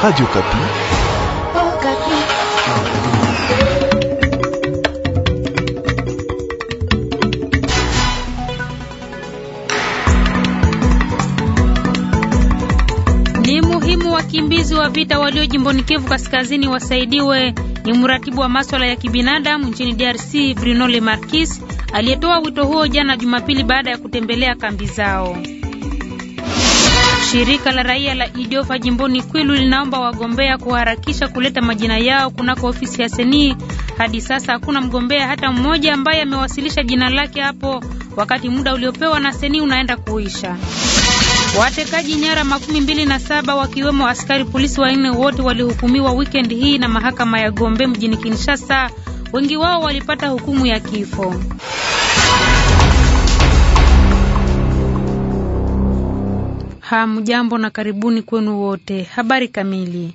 Radio Kapi. Oh, Kapi. Ni muhimu wakimbizi wa vita walio jimboni Kivu Kaskazini wasaidiwe. Ni mratibu wa masuala ya kibinadamu nchini DRC Bruno Le Marquis aliyetoa wito huo jana Jumapili baada ya kutembelea kambi zao. Shirika la raia la Ijopa jimboni Kwilu linaomba wagombea kuharakisha kuleta majina yao kunako ofisi ya seni Hadi sasa hakuna mgombea hata mmoja ambaye amewasilisha jina lake hapo, wakati muda uliopewa na seni unaenda kuisha. Watekaji nyara makumi mbili na saba wakiwemo askari polisi wanne wote walihukumiwa wikendi hii na mahakama ya Gombe mjini Kinshasa. Wengi wao walipata hukumu ya kifo. Hamjambo na karibuni kwenu wote. Habari kamili.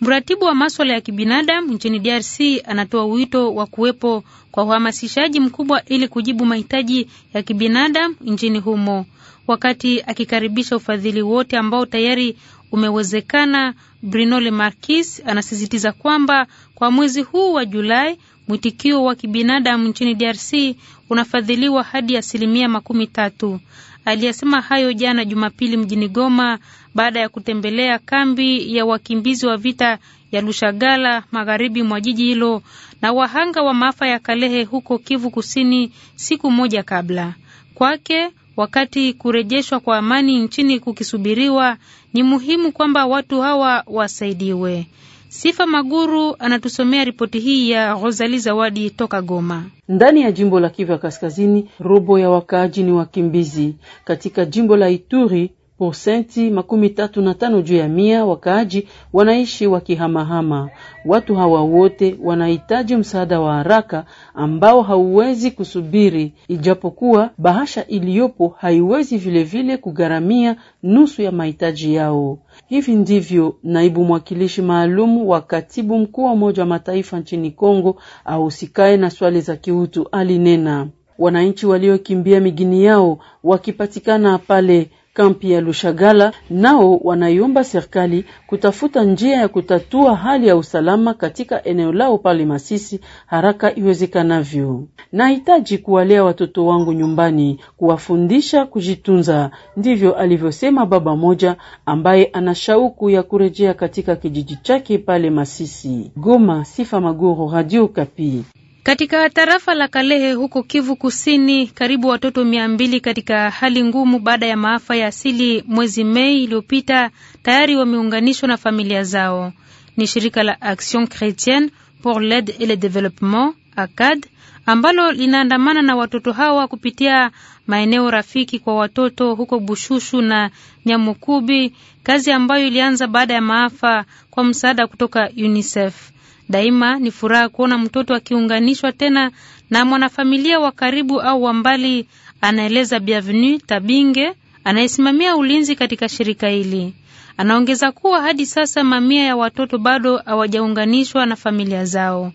Mratibu wa maswala ya kibinadamu nchini DRC anatoa wito wa kuwepo kwa uhamasishaji mkubwa ili kujibu mahitaji ya kibinadamu nchini humo. Wakati akikaribisha ufadhili wote ambao tayari umewezekana, Bruno Marquis anasisitiza kwamba kwa mwezi huu wa Julai mwitikio wa kibinadamu nchini DRC unafadhiliwa hadi asilimia makumi tatu aliyesema hayo jana Jumapili mjini Goma baada ya kutembelea kambi ya wakimbizi wa vita ya Lushagala magharibi mwa jiji hilo na wahanga wa maafa ya Kalehe huko Kivu Kusini siku moja kabla. Kwake, wakati kurejeshwa kwa amani nchini kukisubiriwa, ni muhimu kwamba watu hawa wasaidiwe. Sifa Maguru anatusomea ripoti hii ya Rosali Zawadi toka Goma. Ndani ya jimbo la Kivu ya Kaskazini, robo ya wakaaji ni wakimbizi. Katika jimbo la Ituri porsenti makumi tatu na tano juu ya mia wakaaji wanaishi wakihamahama. Watu hawa wote wanahitaji msaada wa haraka ambao hauwezi kusubiri, ijapokuwa bahasha iliyopo haiwezi vilevile kugharamia nusu ya mahitaji yao. Hivi ndivyo naibu mwakilishi maalum wa katibu mkuu wa Umoja wa Mataifa nchini Kongo ahusikaye na swali za kiutu alinena. Wananchi waliokimbia migini yao wakipatikana pale kampi ya Lushagala nao wanaiomba serikali kutafuta njia ya kutatua hali ya usalama katika eneo lao pale Masisi haraka iwezekanavyo. Nahitaji kuwalea watoto wangu nyumbani, kuwafundisha kujitunza, ndivyo alivyosema baba moja ambaye ana shauku ya kurejea katika kijiji chake pale Masisi. Goma, Sifa Maguru, Radio Kapi. Katika tarafa la Kalehe huko Kivu Kusini, karibu watoto mia mbili katika hali ngumu baada ya maafa ya asili mwezi Mei iliyopita tayari wameunganishwa na familia zao. Ni shirika la Action Chretienne pour l'aide et le Developpement ACAD ambalo linaandamana na watoto hawa kupitia maeneo rafiki kwa watoto huko Bushushu na Nyamukubi, kazi ambayo ilianza baada ya maafa kwa msaada kutoka UNICEF. Daima ni furaha kuona mtoto akiunganishwa tena na mwanafamilia wa karibu au wa mbali, anaeleza biavenu Tabinge anayesimamia ulinzi katika shirika hili. Anaongeza kuwa hadi sasa mamia ya watoto bado hawajaunganishwa na familia zao.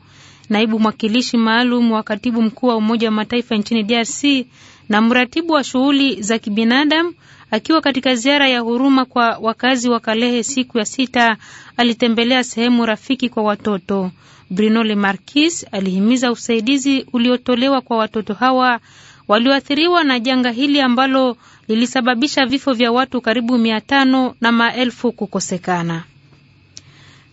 Naibu mwakilishi maalum wa katibu mkuu wa Umoja wa Mataifa nchini DRC na mratibu wa shughuli za kibinadamu Akiwa katika ziara ya huruma kwa wakazi wa Kalehe siku ya sita, alitembelea sehemu rafiki kwa watoto. Bruno Le Marquis alihimiza usaidizi uliotolewa kwa watoto hawa walioathiriwa na janga hili ambalo lilisababisha vifo vya watu karibu mia tano na maelfu kukosekana.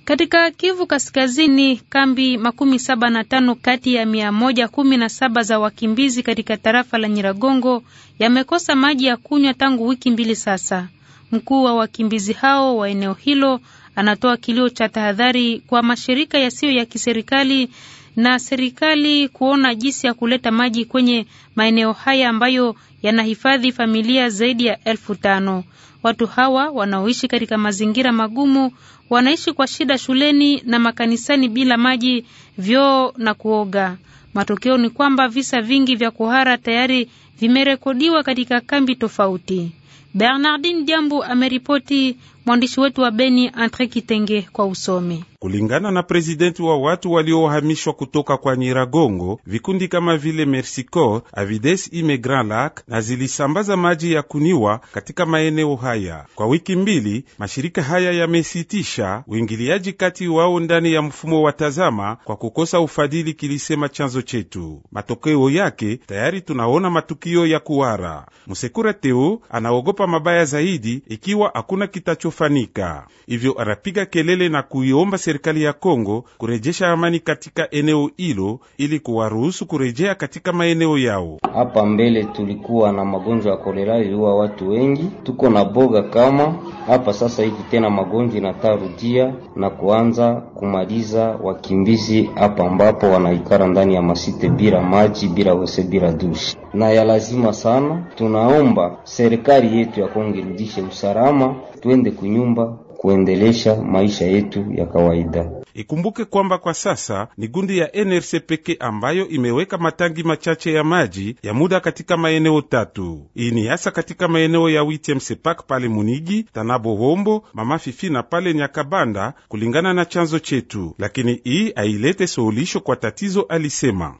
Katika Kivu Kaskazini, kambi makumi saba na tano kati ya mia moja kumi na saba za wakimbizi katika tarafa la Nyiragongo yamekosa maji ya kunywa tangu wiki mbili sasa. Mkuu wa wakimbizi hao wa eneo hilo anatoa kilio cha tahadhari kwa mashirika yasiyo ya kiserikali na serikali kuona jinsi ya kuleta maji kwenye maeneo haya ambayo yanahifadhi familia zaidi ya elfu tano. Watu hawa wanaoishi katika mazingira magumu wanaishi kwa shida shuleni na makanisani bila maji, vyoo na kuoga. Matokeo ni kwamba visa vingi vya kuhara tayari vimerekodiwa katika kambi tofauti. Bernardin Jambu ameripoti Mwandishi wetu wa Beni Andre Kitenge kwa usomi Kulingana na prezidenti wa watu waliohamishwa kutoka kwa Nyiragongo, vikundi kama vile Mersicor, Avides Grand Lac na zilisambaza maji ya kuniwa katika maeneo haya. Kwa wiki mbili, mashirika haya yamesitisha uingiliaji kati wao ndani ya mfumo wa Tazama kwa kukosa ufadhili, kilisema chanzo chetu. Matokeo yake tayari tunaona matukio ya kuwara. Msekura Teu anaogopa mabaya zaidi ikiwa hakuna kitacho kufanika. Hivyo anapiga kelele na kuiomba serikali ya Kongo kurejesha amani katika eneo hilo ili kuwaruhusu kurejea katika maeneo yao. Hapa mbele tulikuwa na magonjwa ya kolera iliua watu wengi, tuko na boga kama hapa sasa hivi tena magonjwa inatarudia na kuanza kumaliza wakimbizi hapa ambapo wanaikara ndani ya masite bila maji, bila wese, bila dushi na ya lazima sana. Tunaomba serikali yetu ya Kongo irudishe usalama, tuende ku kunyumba kuendelesha maisha yetu ya kawaida. Ikumbuke kwamba kwa sasa ni gundi ya NRC peke ambayo imeweka matangi machache ya maji ya muda katika maeneo tatu. Hii ni hasa katika maeneo ya witemsepak pale Munigi, Tanabo Hombo, Mama Fifi na pale Nyakabanda kulingana na chanzo chetu, lakini hii ailete suluhisho kwa tatizo, alisema.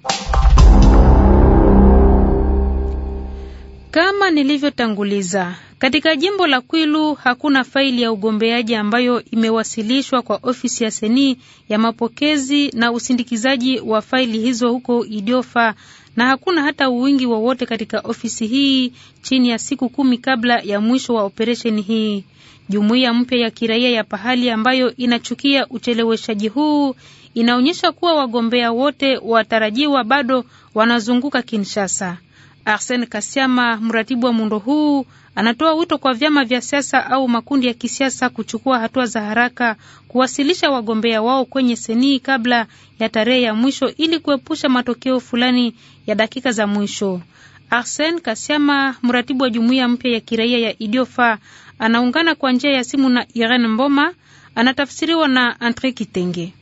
Kama nilivyotanguliza, katika jimbo la Kwilu hakuna faili ya ugombeaji ambayo imewasilishwa kwa ofisi ya Seni ya mapokezi na usindikizaji wa faili hizo huko Idiofa, na hakuna hata uwingi wowote katika ofisi hii chini ya siku kumi kabla ya mwisho wa operesheni hii. Jumuiya mpya ya kiraia ya pahali ambayo inachukia ucheleweshaji huu inaonyesha kuwa wagombea wote watarajiwa bado wanazunguka Kinshasa. Arsen Kasiama, mratibu wa muundo huu, anatoa wito kwa vyama vya siasa au makundi ya kisiasa kuchukua hatua za haraka kuwasilisha wagombea wao kwenye senii kabla ya tarehe ya mwisho ili kuepusha matokeo fulani ya dakika za mwisho. Arsen Kasiama, mratibu wa jumuiya mpya ya kiraia ya Idiofa, anaungana kwa njia ya simu na Irene Mboma, anatafsiriwa na Andre Kitenge.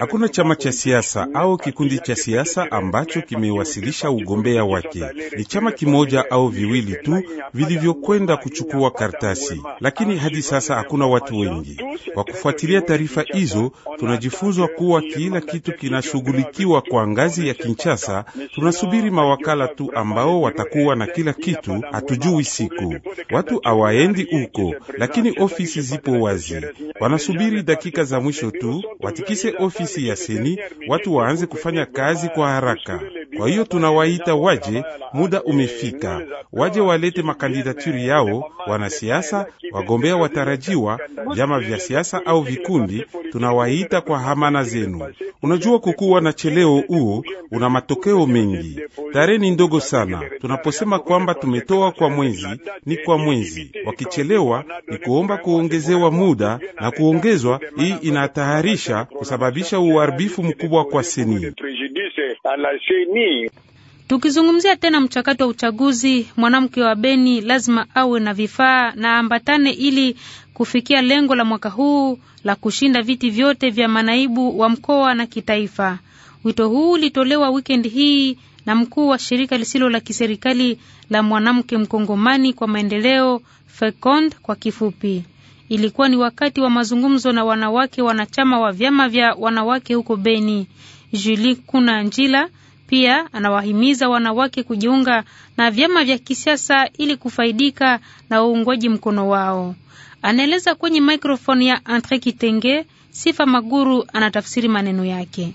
Hakuna chama cha siasa au kikundi cha siasa ambacho kimewasilisha ugombea wake. Ni chama kimoja au viwili tu vilivyokwenda kuchukua karatasi, lakini hadi sasa hakuna watu wengi. Kwa kufuatilia taarifa hizo, tunajifunzwa kuwa kila kitu kinashughulikiwa kwa ngazi ya Kinshasa. Tunasubiri mawakala tu ambao watakuwa na kila kitu. Hatujui siku, watu hawaendi huko, lakini ofisi zipo wazi, wanasubiri dakika za za mwisho tu watikise ofisi ya seni, watu waanze kufanya kazi kwa haraka. Kwa hiyo tunawaita waje, muda umefika, waje walete makandidaturi yao, wanasiasa, wagombea watarajiwa, vyama vya siasa au vikundi. Tunawaita kwa hamana zenu. Unajua, kukuwa na cheleo huo una matokeo mengi. Tarehe ni ndogo sana. Tunaposema kwamba tumetoa kwa mwezi, ni kwa mwezi. Wakichelewa ni kuomba kuongezewa muda na kuongezwa. Hii inatayarisha kusababisha uharibifu mkubwa kwa seni. Anasheni. Tukizungumzia tena mchakato wa uchaguzi, mwanamke wa Beni lazima awe na vifaa na ambatane ili kufikia lengo la mwaka huu la kushinda viti vyote vya manaibu wa mkoa na kitaifa. Wito huu ulitolewa wikendi hii na mkuu wa shirika lisilo la kiserikali la mwanamke mkongomani kwa maendeleo FECOND kwa kifupi. Ilikuwa ni wakati wa mazungumzo na wanawake wanachama wa vyama vya wanawake huko Beni. Julie njila pia anawahimiza wanawake kujiunga na vyama vya kisiasa ili kufaidika na uungwaji mkono wao. Anaeleza kwenye maikrofoni ya Andre Kitenge Sifa Maguru anatafsiri maneno yake.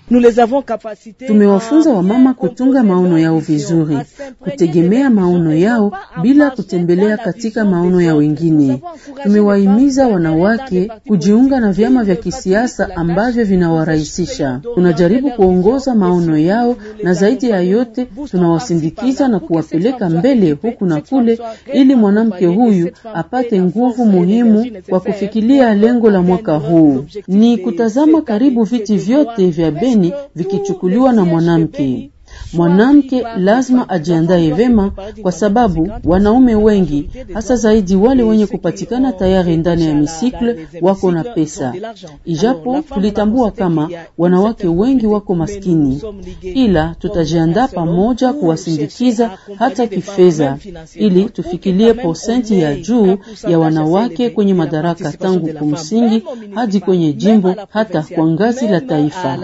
Tumewafunza wamama kutunga maono yao vizuri, kutegemea maono yao bila kutembelea katika maono ya wengine. Tumewahimiza wanawake kujiunga na vyama vya kisiasa ambavyo vinawarahisisha. Tunajaribu kuongoza maono yao, na zaidi ya yote tunawasindikiza na kuwapeleka mbele huku na kule, ili mwanamke huyu apate nguvu muhimu kwa kufikilia lengo la mwaka huu ni ni kutazama karibu viti vyote vya Beni vikichukuliwa na mwanamke. Mwanamke lazima ajiandae vema, kwa sababu wanaume wengi hasa zaidi wale wenye kupatikana tayari ndani ya misikle wako na pesa, ijapo tulitambua kama wanawake wengi wako maskini, ila tutajiandaa pamoja kuwasindikiza hata kifedha, ili tufikilie posenti ya juu ya wanawake kwenye madaraka tangu kumsingi hadi kwenye jimbo hata kwa ngazi la taifa.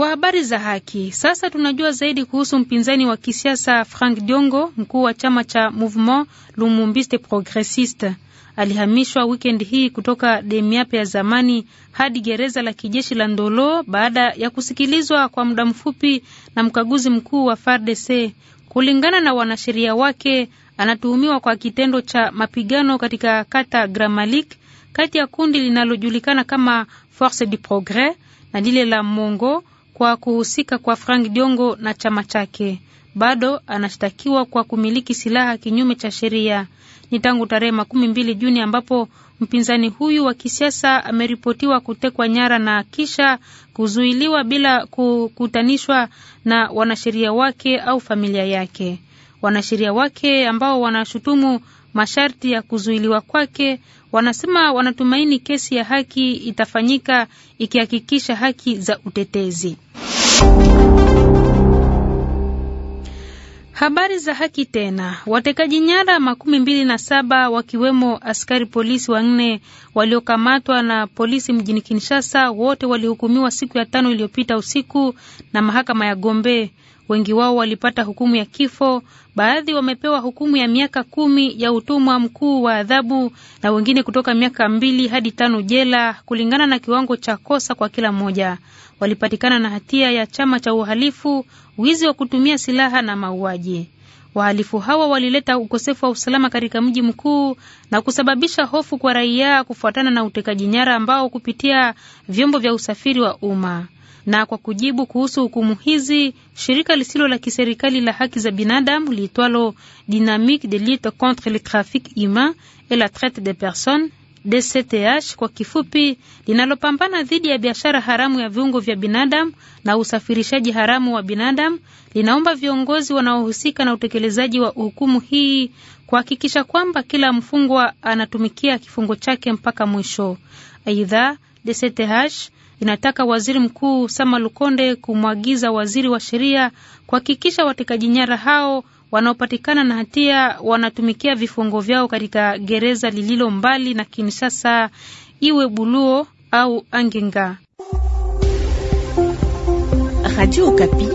Kwa habari za haki, sasa tunajua zaidi kuhusu mpinzani wa kisiasa Frank Diongo, mkuu wa chama cha Mouvement Lumumbiste Progressiste. Alihamishwa wikendi hii kutoka demiape ya zamani hadi gereza la kijeshi la Ndolo baada ya kusikilizwa kwa muda mfupi na mkaguzi mkuu wa FARDC. Kulingana na wanasheria wake, anatuhumiwa kwa kitendo cha mapigano katika kata Gramalik kati ya kundi linalojulikana kama Force du Progres na lile la Mongo kwa kuhusika kwa Frank Diongo na chama chake. Bado anashtakiwa kwa kumiliki silaha kinyume cha sheria. Ni tangu tarehe makumi mbili Juni ambapo mpinzani huyu wa kisiasa ameripotiwa kutekwa nyara na kisha kuzuiliwa bila kukutanishwa na wanasheria wake au familia yake. Wanasheria wake ambao wanashutumu masharti ya kuzuiliwa kwake. Wanasema wanatumaini kesi ya haki itafanyika ikihakikisha haki za utetezi. Habari za haki tena. Watekaji nyara makumi mbili na saba wakiwemo askari polisi wanne waliokamatwa na polisi mjini Kinshasa, wote walihukumiwa siku ya tano iliyopita usiku na mahakama ya Gombe. Wengi wao walipata hukumu ya kifo, baadhi wamepewa hukumu ya miaka kumi ya utumwa mkuu wa adhabu na wengine kutoka miaka mbili hadi tano jela kulingana na kiwango cha kosa kwa kila mmoja. Walipatikana na hatia ya chama cha uhalifu, wizi wa kutumia silaha na mauaji. Wahalifu hawa walileta ukosefu wa usalama katika mji mkuu na kusababisha hofu kwa raia kufuatana na utekaji nyara ambao kupitia vyombo vya usafiri wa umma. Na kwa kujibu kuhusu hukumu hizi, shirika lisilo la kiserikali la haki za binadamu liitwalo Dynamique de lutte contre le trafic humain et la traite des personnes DCTH kwa kifupi, linalopambana dhidi ya biashara haramu ya viungo vya binadamu na usafirishaji haramu wa binadamu, linaomba viongozi wanaohusika na utekelezaji wa hukumu hii kuhakikisha kwamba kila mfungwa anatumikia kifungo chake mpaka mwisho. Aidha, DCTH inataka waziri mkuu Sama Lukonde kumwagiza waziri wa sheria kuhakikisha watekaji nyara hao wanaopatikana na hatia wanatumikia vifungo vyao katika gereza lililo mbali na Kinshasa, iwe Buluo au Angenga. Radio Okapi.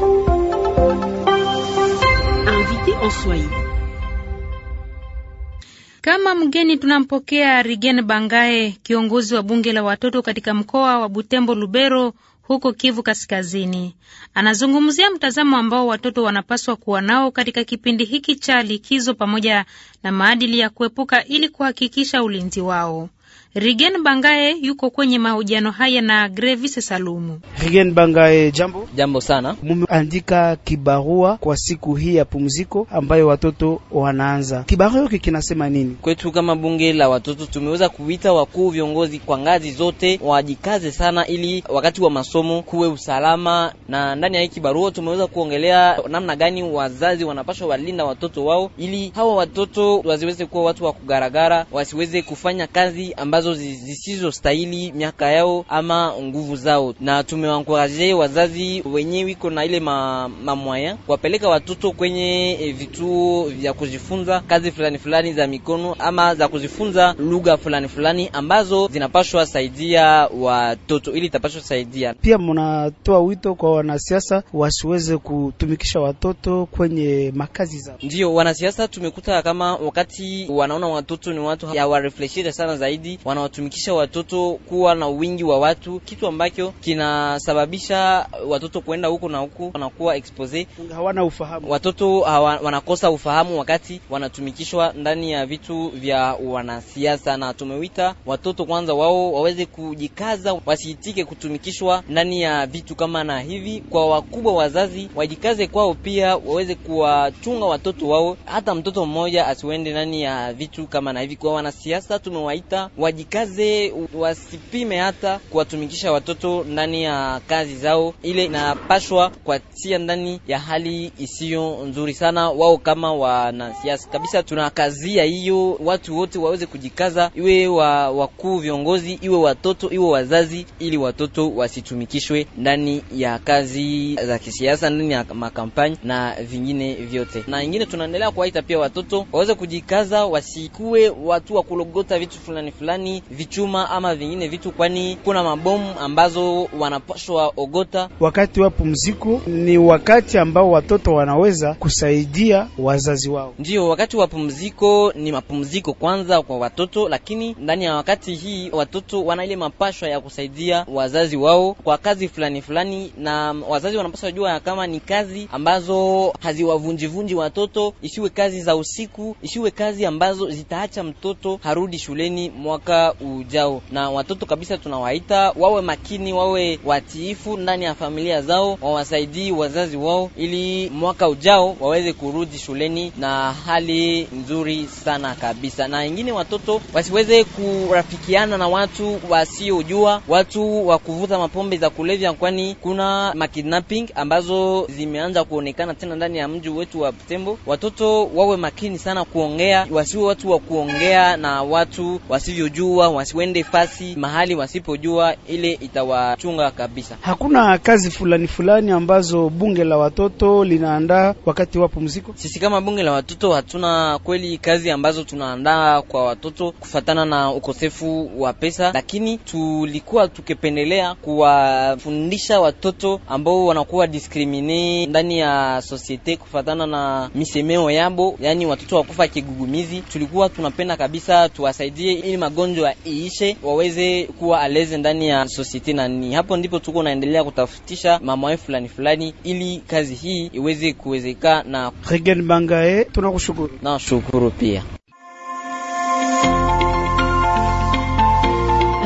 Kama mgeni tunampokea Rigen Bangae, kiongozi wa bunge la watoto katika mkoa wa Butembo Lubero huko Kivu Kaskazini. Anazungumzia mtazamo ambao watoto wanapaswa kuwa nao katika kipindi hiki cha likizo pamoja na maadili ya kuepuka ili kuhakikisha ulinzi wao. Rigen Bangae yuko kwenye mahojiano haya na Grevis Salumu. Rigen Bangae, jambo. Jambo sana. Mumeandika kibarua kwa siku hii ya pumziko ambayo watoto wanaanza. Kibarua hiki kinasema nini? Kwetu kama bunge la watoto tumeweza kuita wakuu viongozi kwa ngazi zote wajikaze sana, ili wakati wa masomo kuwe usalama, na ndani ya hii kibarua tumeweza kuongelea namna gani wazazi wanapaswa walinda watoto wao, ili hawa watoto waziweze kuwa watu wa kugaragara, wasiweze kufanya kazi ambazo ambazo zisizostahili miaka yao ama nguvu zao, na tumewankuraje wazazi wenye wiko na ile ma, kuwapeleka watoto kwenye eh, vituo vya kujifunza kazi fulani fulani za mikono ama za kujifunza lugha fulani fulani ambazo zinapashwa saidia watoto ili itapashwa saidia pia. Mnatoa wito kwa wanasiasa wasiweze kutumikisha watoto kwenye makazi zao. Ndio wanasiasa tumekuta kama wakati wanaona watoto ni watu hawarefleshire sana zaidi wana wanawatumikisha watoto kuwa na wingi wa watu, kitu ambacho kinasababisha watoto kuenda huko na huko, wanakuwa expose, hawana ufahamu. Watoto hawa, wanakosa ufahamu wakati wanatumikishwa ndani ya vitu vya wanasiasa, na tumewita watoto kwanza wao waweze kujikaza, wasiitike kutumikishwa ndani ya vitu kama na hivi. Kwa wakubwa wazazi wajikaze kwao pia, waweze kuwachunga watoto wao, hata mtoto mmoja asiwende ndani ya vitu kama na hivi. Kwa wanasiasa tumewaita waji wajikaze, wasipime hata kuwatumikisha watoto ndani ya kazi zao. Ile inapashwa kuatia ndani ya hali isiyo nzuri sana wao kama wanasiasa kabisa. Tunakazia hiyo, watu wote waweze kujikaza, iwe wa wakuu viongozi, iwe watoto, iwe wazazi, ili watoto wasitumikishwe ndani ya kazi za kisiasa, ndani ya makampanyi na vingine vyote. Na ingine tunaendelea kuwaita pia watoto waweze kujikaza, wasikuwe watu wa kulogota vitu fulani fulani yani vichuma ama vingine vitu, kwani kuna mabomu ambazo wanapashwa ogota. Wakati wa pumziko ni wakati ambao watoto wanaweza kusaidia wazazi wao. Ndio wakati wa pumziko ni mapumziko kwanza kwa watoto, lakini ndani ya wakati hii watoto wana ile mapashwa ya kusaidia wazazi wao kwa kazi fulani fulani, na wazazi wanapaswa jua kama ni kazi ambazo haziwavunjivunji watoto, isiwe kazi za usiku, isiwe kazi ambazo zitaacha mtoto harudi shuleni mwaka mwaka ujao, na watoto kabisa tunawaita wawe makini, wawe watiifu ndani ya familia zao, wawasaidii wazazi wao, ili mwaka ujao waweze kurudi shuleni na hali nzuri sana kabisa. Na wengine watoto wasiweze kurafikiana na watu wasiojua, watu wa kuvuta mapombe za kulevya, kwani kuna makidnapping ambazo zimeanza kuonekana tena ndani ya mji wetu wa Butembo. Watoto wawe makini sana kuongea, wasiwe watu wa kuongea na watu wasivyojua wasipojua wasiwende fasi mahali wasipojua, ile itawachunga kabisa. Hakuna kazi fulani fulani ambazo bunge la watoto linaandaa wakati wa pumziko. Sisi kama bunge la watoto hatuna kweli kazi ambazo tunaandaa kwa watoto kufatana na ukosefu wa pesa, lakini tulikuwa tukipendelea kuwafundisha watoto ambao wanakuwa diskrimine ndani ya sosiete kufatana na misemeo yabo, yaani watoto wakufa kigugumizi. Tulikuwa tunapenda kabisa tuwasaidie ili magonjwa magonjwa iishe, waweze kuwa aleze ndani ya society na ni hapo ndipo tuko naendelea kutafutisha mamawe fulani fulani, ili kazi hii iweze kuwezeka. Na Regen Bangae, eh, tunakushukuru na shukuru pia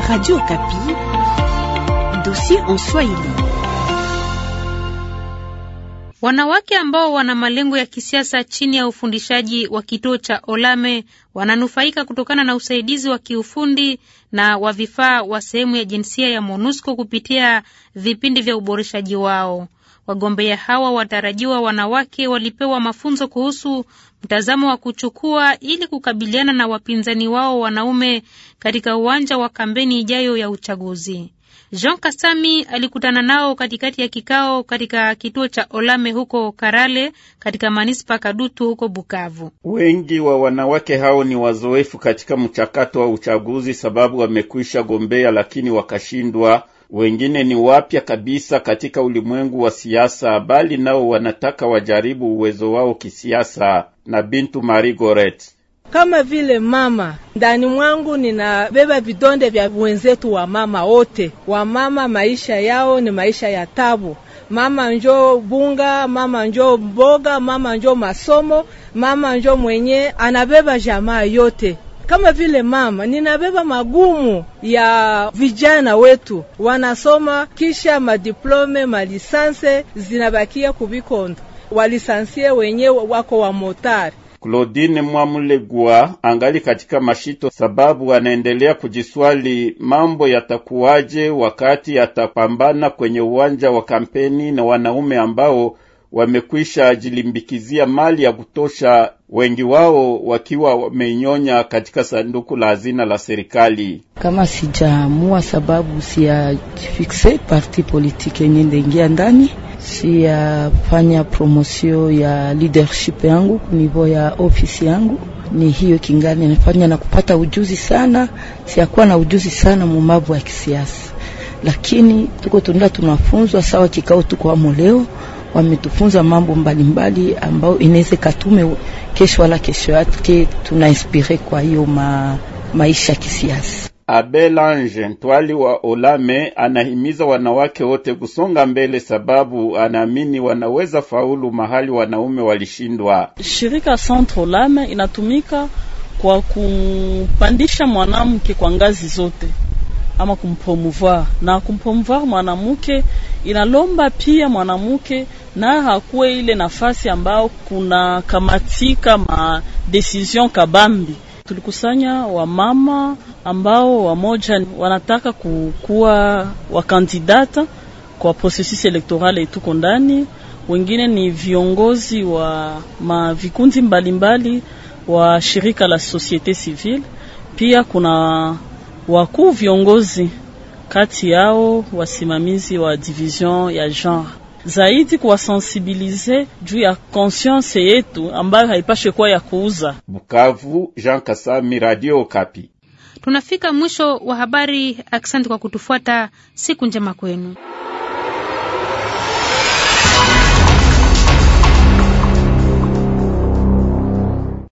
Radio Kapi, dossier en Swahili. Wanawake ambao wana malengo ya kisiasa chini ya ufundishaji wa kituo cha Olame wananufaika kutokana na usaidizi wa kiufundi na wa vifaa wa sehemu ya jinsia ya MONUSCO kupitia vipindi vya uboreshaji wao. Wagombea hawa watarajiwa wanawake walipewa mafunzo kuhusu mtazamo wa kuchukua ili kukabiliana na wapinzani wao wanaume katika uwanja wa kampeni ijayo ya uchaguzi. Jean Kasami alikutana nao katikati ya kikao katika kituo cha Olame huko Karale katika manispa Kadutu huko Bukavu. Wengi wa wanawake hao ni wazoefu katika mchakato wa uchaguzi, sababu wamekwisha gombea lakini wakashindwa. Wengine ni wapya kabisa katika ulimwengu wa siasa, bali nao wanataka wajaribu uwezo wao kisiasa. na Bintu Marie Goret kama vile mama ndani mwangu ninabeba vidonde vya wenzetu wa mama wote. Wamama maisha yao ni maisha ya tabu. Mama njo bunga, mama njo mboga, mama njo masomo, mama njo mwenye anabeba jamaa yote. Kama vile mama ninabeba magumu ya vijana wetu, wanasoma kisha madiplome malisanse zinabakia kubikondo, walisansie wenyewe wako wa motari Claudine Mwamulegwa angali katika mashito, sababu anaendelea kujiswali mambo yatakuwaje wakati atapambana kwenye uwanja wa kampeni na wanaume ambao wamekwisha jilimbikizia mali ya kutosha, wengi wao wakiwa wameinyonya katika sanduku la hazina la serikali. Kama sijaamua sababu siyafikse parti politike yenye ndaingia ndani siyafanya ya promosio ya leadership yangu kunivo ya ofisi yangu ni hiyo kingani nafanya na kupata ujuzi sana, siyakuwa na ujuzi sana mumavu ya kisiasa, lakini tuko tunda tunafunzwa sawa. Kikao tuko amo leo, wametufunza mambo mbalimbali ambayo inaweza katume kesho wala kesho yake, tunainspire kwa hiyo ma, maisha ya kisiasa. Abel Ange Ntwali wa Olame anahimiza wanawake wote kusonga mbele, sababu anaamini wanaweza faulu mahali wanaume walishindwa. Shirika Centre Olame inatumika kwa kumpandisha mwanamke kwa ngazi zote ama kumpromouvoir na kumpromouvoir mwanamke inalomba pia mwanamke na hakuwe ile nafasi ambayo kuna kamatika ma decision kabambi tulikusanya wamama ambao wamoja wanataka kukuwa wakandidata kwa processus elektorale tuko ndani, wengine ni viongozi wa mavikundi mbalimbali wa shirika la societe civile. Pia kuna wakuu viongozi, kati yao wasimamizi wa division ya genre zaidi kuwasensibilize juu ya konsianse yetu ambayo haipashe kuwa ya kuuza. Bukavu, Jean Kasami, Radio Kapi. Tunafika mwisho wa habari. Asante kwa kutufuata. Siku njema kwenu.